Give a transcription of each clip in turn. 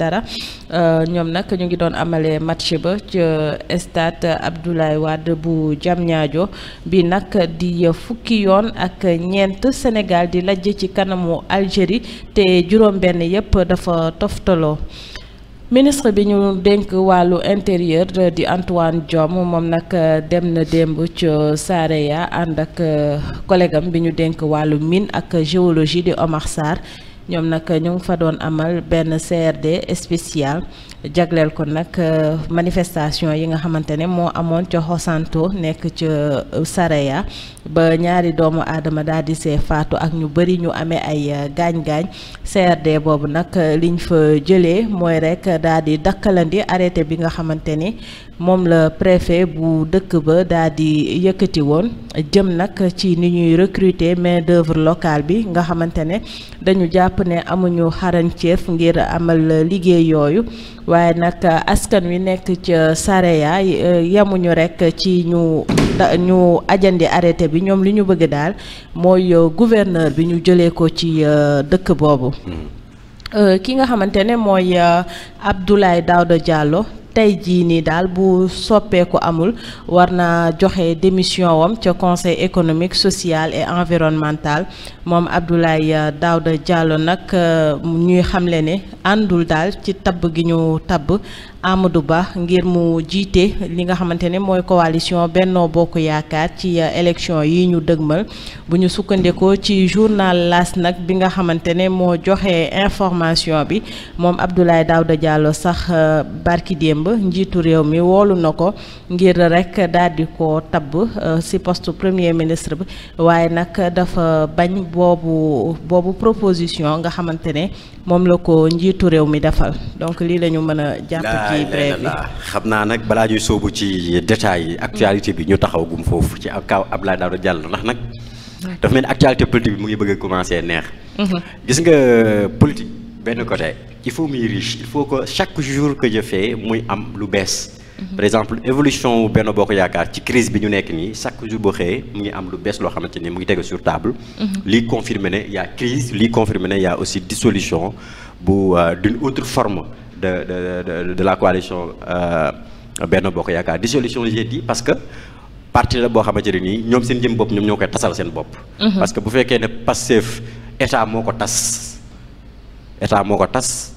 dara euh, ñoom nag ñu ngi doon amalee match ba ca stade Abdoulaye Wade bu Diamniadio bi nag di fukki yoon ak ñeent Sénégal di lajj ci kanamu Algérie te juróom-benn yépp dafa toftaloo. ministre bi ñu dénk wàllu intérieur di Antoine Diome moom nag dem na démb ca ya ànd ak euh, collègue am bi ñu dénk wàllu mine ak géologie di Omar Sarr. ñoom nag ñu fa doon amal benn CRD spécial jagleel ko nag euh, manifestation yi nga xamante ne moo amoon ca Xosanto nekk ca euh, Saraya ba ñaari doomu aadama daal di see faatu ak ñu bëri ñu amee ay euh, gaañ-gaañ CRD boobu nag liñ fa jëlee mooy rek daal di dakkalandi arrêté bi nga xamante ni moom la préfet bu dëkk ba daal di yëkkati woon jëm nag ci ni ñuy mais main d'œuvre locale bi nga xamante ne dañu jàpp ne amuñu xarañteef ngir amal liggéey yooyu waaye nag euh, askan wi nekk ca Saraya euh, yemuñu rek ci ñu ñu ajandi arrêté bi ñoom li ñu bëgg daal mooy euh, gouverneur bi ñu jëlee ko ci dëkk boobu hmm. ki nga xamante ne mooy Abdoulaye Daouda Diallo tey jii nii daal bu soppeeku amul war na joxe démission wam ca conseil économique social et environnemental moom Abdoulaye euh, Daouda Diallo nag euh, ñuy xamle ne àndul daal ci tabb gi ñu tabb Amadou Ba ngir mu jiite li nga xamante ne mooy coalition Benno Bokk Yaakaar ci euh, élection yi ñu dëgmal bu ñu sukkandikoo ci journal L'As nag bi nga xamante ne moo joxe information bi moom Abdoulaye Daouda Diallo sax barki démb démb njiitu réew mi woolu na ko ngir rek daal di ko tabb ci euh, poste premier ministre bi waaye nag dafa bañ boobu boobu proposition nga xamante ne moom la ko njiitu réew mi defal donc lii la mën a jàpp ci brève bi xam naa nag balaa ñuy soobu ci détails yi actualité bi ñu taxaw gum foofu ci ak kaw Abdoulaye Daouda Diallo ndax nag dafa mel actualité politique bi mu ngi bëgg commencer neex mhm. gis nga politique benn côté il faut muy riche il faut que chaque jour que je fais muy am lu bees. Mhm. par exemple évolution Benno Bokk Yaakaar ci crise bi ñu nekk nii chaque jour boo xëyee mu ngi am lu bees loo xamante ni mu ngi tege sur table. Mhm. lii confirmer ne yaa a crise lii confirmer ne y' a aussi dissolution bu euh, d'une autre forme de de de de la coalition euh, Benno Bokk Yaakaar dissolution j'ai yi parce que. parti la boo xamante ne nii ñoom seen jëm bopp ñoom ñoo koy tasal seen bopp. Mhm. parce moo ko tas. état moo ko tas.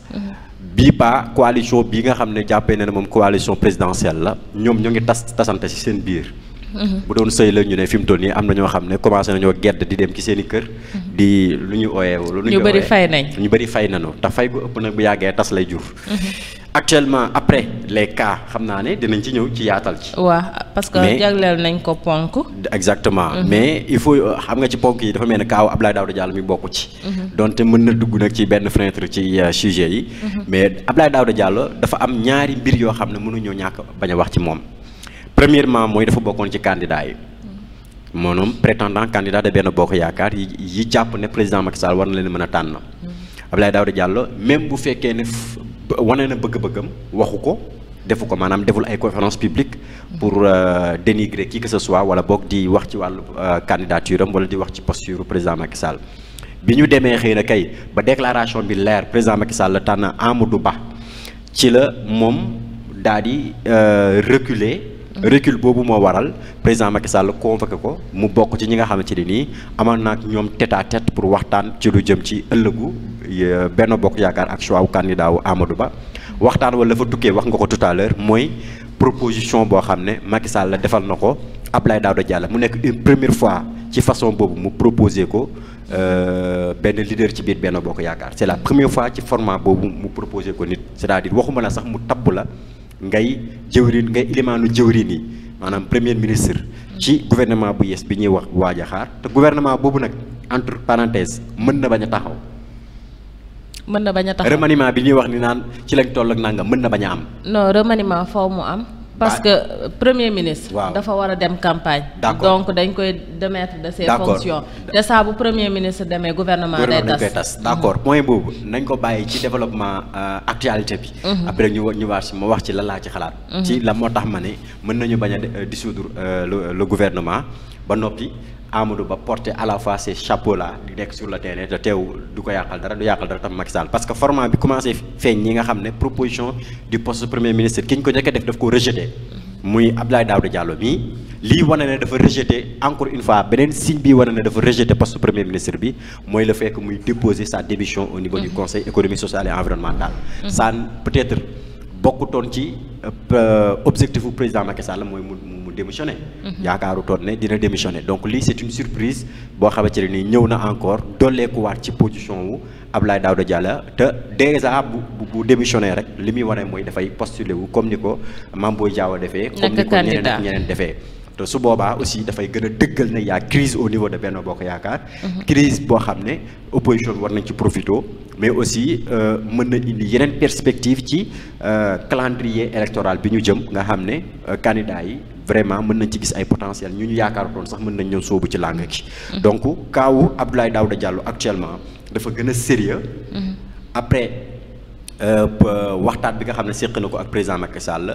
bii pa coalition bii nga xam ne jàppee na ne moom coalition présidentielle la ñoom ñoo ngi tas tasante ci seen biir. Mhm. bu doon sëy la ñu ne fi mu toll nii am na ñoo xam ne commencé nañoo gedd di dem ci seen i kër. Mhm. di lu ñu ooyee lu ñu bëri fay nañ ñu bëri fay nañu te fay bu ëpp nag bu yàggee tas lay jur. Mhm. actuellement après les cas xam naa ne dinañ ci ñëw ci yaatal ci. waaw parce que jagleel nañ ko ponk. exactement mhm. mais il faut euh, xam nga ci ponk yi dafa mel ne kaaw Abdoulaye Daouda Diallo mi bokku ci. Mhm. donte mën na dugg nag ci benn fenêtre ci euh, sujet yi. Mhm. mais Abdoulaye Daouda Diallo dafa am ñaari mbir yoo xam ne mënuñoo ñàkk bañ a wax ci moom. premièrement mooy dafa bokkoon ci candidat yi. moom prétendant candidat de benn bokk yaakaar yi yi jàpp ne président Macky a tànn. Abdoulaye Daouda wane na bëgg-bëggam waxu ko defu ko maanaam deful ay conférence publique pour euh, dénigrer qui que ce soit wala boog di wax ci wàllu euh, candidature am wala di wax ci posture président Macky Sall bi ñu demee xëy na kay ba déclaration bi leer président Macky Sall la tànn Amadou Ba ci la moom daa di euh, reculer. recul boobu moo waral président Macky Sall convoqué ko mu bokk ci ñi nga xamante ne nii amoon naa ak ñoom tête tet pour waxtaan ci lu jëm ci ëllëgu Euh, benn bokk yaakaar ak choix wu candidat wu Amadou Ba waxtaan wala fa tukkee wax nga ko tout mooy proposition boo xam ne Macky Sall la defal na ko Abdoulaye Daouda Diallo mu nekk une première fois ci façon boobu mu proposé ko euh, benn leader ci biir benn bokk yaakaar c'est la première fois ci format boobu mu proposé ko nit c'est-à-dire waxuma la sax mu tapp la ngay jëwriñ ngay ilimaanu jëwriñ yi maanaam premier ministre ci gouvernement bu yees bi ñuy wax waaj a xaar te gouvernement boobu nag entre parenthèse mën na bañ a taxaw mën na bañ a taxaw remaniement bi ñuy wax ni naan ci lañ toll ak nangam mën na bañ a am. non remaniement faw mu am. parce que euh, premier ministre. waaw dafa war a dem campagne. donc dañ koy démettre de ses fonctions. te saa bu premier ministre demee gouvernement. day tas d' mm-hmm. point boobu nañ ko bàyyi ci développement euh, actualité bi. Mm-hmm. après ñu ñu waar si ma wax ci lan laa ci xalaat. Mm-hmm. ci la moo tax ma ne mën nañu bañ a euh, dissoudre le gouvernement ba noppi. Amadou Ba porter à la fois ces chapeaux là di nekk sur le terrain te teew du ko yàqal dara du yàqal dara tam Macky Sall parce que format bi commencé feeñ ñi nga xam ne proposition du poste premier ministre ki ko njëkk def daf ko rejeté muy Abdoulaye Daouda Diallo mii lii wane ne dafa rejeté encore une fois beneen signe bi wane ne dafa rejeté poste premier ministre bi mooy le fait muy déposer sa démission au niveau du mm-hmm. conseil économique social et environnemental. Mm-hmm. démissionné. yaakaaru toon ne dina démissionné donc lii c'est une surprise boo xamante ne nii ñëw na encore dolleekuwaat ci position wu Abdoulaye Daouda Diallo te déjà bu bu démissionné rek li muy wane mooy dafay postulé wu comme ni ko Mame Boye a defee. comme ni ko ñeneen ak ñeneen defee. te su boobaa aussi dafay gën a dëggal ne yaa crise au niveau de Benno Bokk Yaakaar. Mhm. crise boo xam ne opposition war nañ ci profito mais aussi euh, mën na indi yeneen ci euh, calendrier électoral bi ñu jëm nga xam ne euh, candidat yi. vraiment mën nañ ci gis ay potentiel ñu ñu yaakaar yaakaarutoon sax mën nañ ñëw soobu ci langue gi mm-hmm. donc kaawu daaw da Diallo actuellement dafa gën a sérieux mm-hmm. après euh, waxtaan bi nga xam ne séq na ko ak président Macky Sall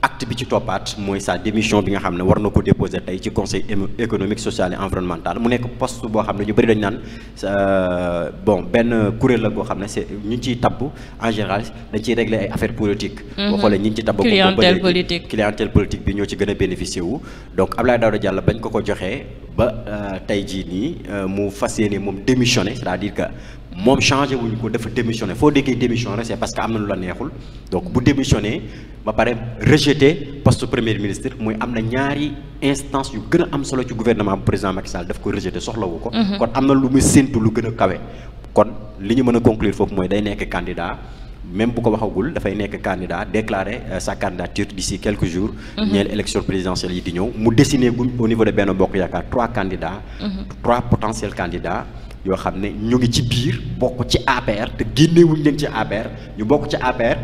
acte bi ci toppaat mooy sa démission bi nga xam ne war na ko déposer tey ci conseil économique social et environnemental mu nekk poste boo xam ne ñu bëri dañu naan euh, benn kuréel la goo xam ne c'est ñu ciy tabb en général dañ ciy régler ay affaires politiques. boo mhm. xoolee ñu ngi ci tabb. clientèle politique clientèle politique bi ñoo ci gën a bénéficier wu. donc Abdoulaye Daouda Diallo bañ ko ko joxee ba euh, tey jii nii euh, mu fas yéene moom démissionné c'est-à-dire que. moom changé wuñ ko dafa démissionné foo déggee démission rek c'est parce que am na lu la neexul donc bu démissionné ba pare rejeté poste premier ministre muy am na ñaari instance yu gën a am solo ci gouvernement bu président Macky Sall daf ko rejeté soxlawu ko. Mhm. kon am na lu muy séntu lu gën a kawe. kon li ñu mën a conclure foofu mooy day nekk candidat même bu ko waxagul dafay nekk candidat déclarer euh, sa candidature d'ici quelques jours. Mhm. ñeel élection présidentielle yi yoo xam ne ñu ngi ci biir bokk ci APR te génnewuñ leen ci APR ñu bokk ci APR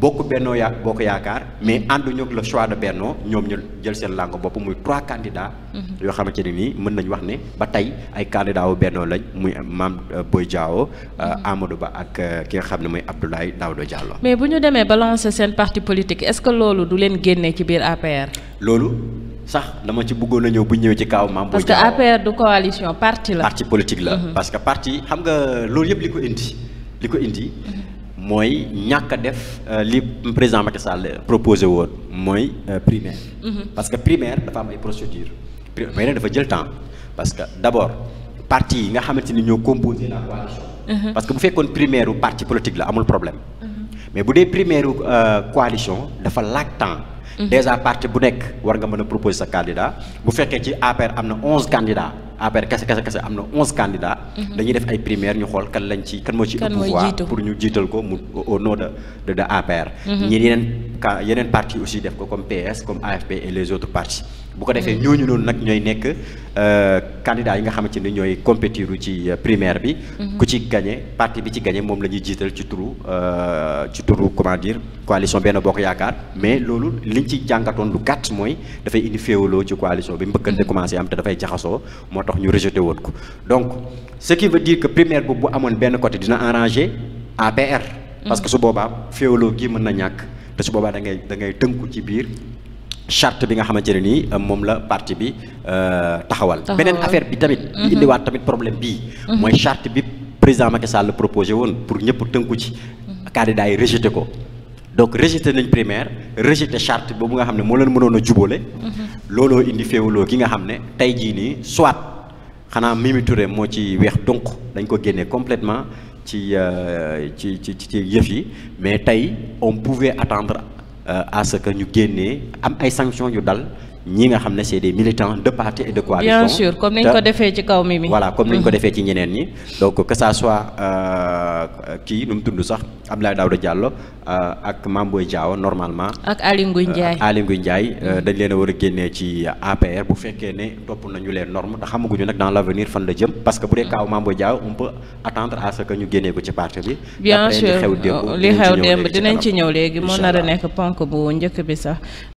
bokk bennoo yaa bokk yaakaar mais ànduñu ak le choix de bennoo ñoom ñu jël seen làng bopp muy trois candidats. Mm-hmm. yoo xamante ne nii mën nañu wax ne ba tey ay candidats wu bennoo lañ muy Mame euh, Boye Diao euh, mm-hmm. Amadou Ba ak euh, ki xam ne mooy doo Daouda Diallo. mais bu ñu demee balancer seen parti politique est-ce que loolu du leen génnee ci biir APR. loolu. sax dama ci bëggoon a ñëw bu ñëwee ci kaaw maam. parce que APR du coalition parti la. parti politique la. Mhm. parce que parti xam nga loolu li ko li ko indi. mooy ñàkk a def euh, li président Macky Sall proposé woon mooy euh, primaire. Mhm. parce que primaire dafa am ay procédure primaire dafa que d' abord parti yi nga xamante ni ñoo composé la mhm. parce que bu fekkoon primaire u parti politique la amul problème. mais bu dee primaire euh, coalition dafa laaj temps. Mhm. déjà parti bu nekk war nga mën a proposer sa candidat bu fekkee ci APR am na onze candidats APR kese kese am na onze candidats. Mhm. dañuy def ay primaires ñu xool kan lañ ci kan moo ci ëpp pouvoir pour ñu jiital ko mu au nom de de de APR. Mhm. ñi yeneen yeneen parti aussi def ko comme PS comme AFP et les autres partis. bu ko defee ñooñu loolu nag ñooy nekk euh, candidat yi nga xamante ni ñooy compétir ci euh, primaire bi. Mm-hmm. ku ci gagné parti bi ci gagné moom la ñuy jiital ci turu euh, ci turu comment dire coalition benn bokk yaakaar mais loolu liñ ci jàngatoon lu gàtt mooy dafay indi féewaloo ci coalition bi mbëkkante mm-hmm. commencé am te dafay jaxasoo moo tax ñu rejeté woon ko donc ce qui veut dire que primaire boobu bu amoon benn côté dina arrangé APR. Mm-hmm. parce que su boobaa féewuloo gi mën na ñàkk te su boobaa da ngay da ngay tënku ci biir. charte bi nga xamante ne nii euh, moom la partie bi euh, taxawal. beneen affaire bi tamit. bi mhm. indiwaat tamit problème bii. Mhm. mooy charte bi président Macky Sall proposé woon pour ñëpp tënku ci. Mhm. candidat yi rejeté ko. donc rejeté nañ primaire rejeté charte boobu nga xam ne moo leen mënoon a jubóole. looloo indi féewuloo gi nga xam ne tey jii nii soit xanaa Mimi Touré moo ci weex donc dañ ko génnee complètement ci euh, ci ci ci yëf yi mais tey on pouvait attendre. Euh, à ce que ñu génnee am ay sanctions yu dal ñi nga xam ne c'est des militants de parti et de coalition. bien sûr comme ni ñu ko defee ci kaw mi mi. voilà comme ni ñu ko mhm. defee ci ñeneen ñi donc que ça soit euh, kii nu mu tudd sax Abdoulaye Daouda Diallo euh, ak Mame Boye Diao normalement. ak Aly Ngouille euh, Ndiaye Aly Ngouille Ndiaye mhm. dañ leen war a génnee ci APR bu fekkee ne topp nañu les normes te xamaguñu nag dans l'avenir fan la jëm parce que bu dee kaaw Mame Boye Diao on peut attendre à ce ñu génnee ko ci parti bi. bien sûr li xew démb dinañ ci ñëw léegi moo nar a nekk ponk sax.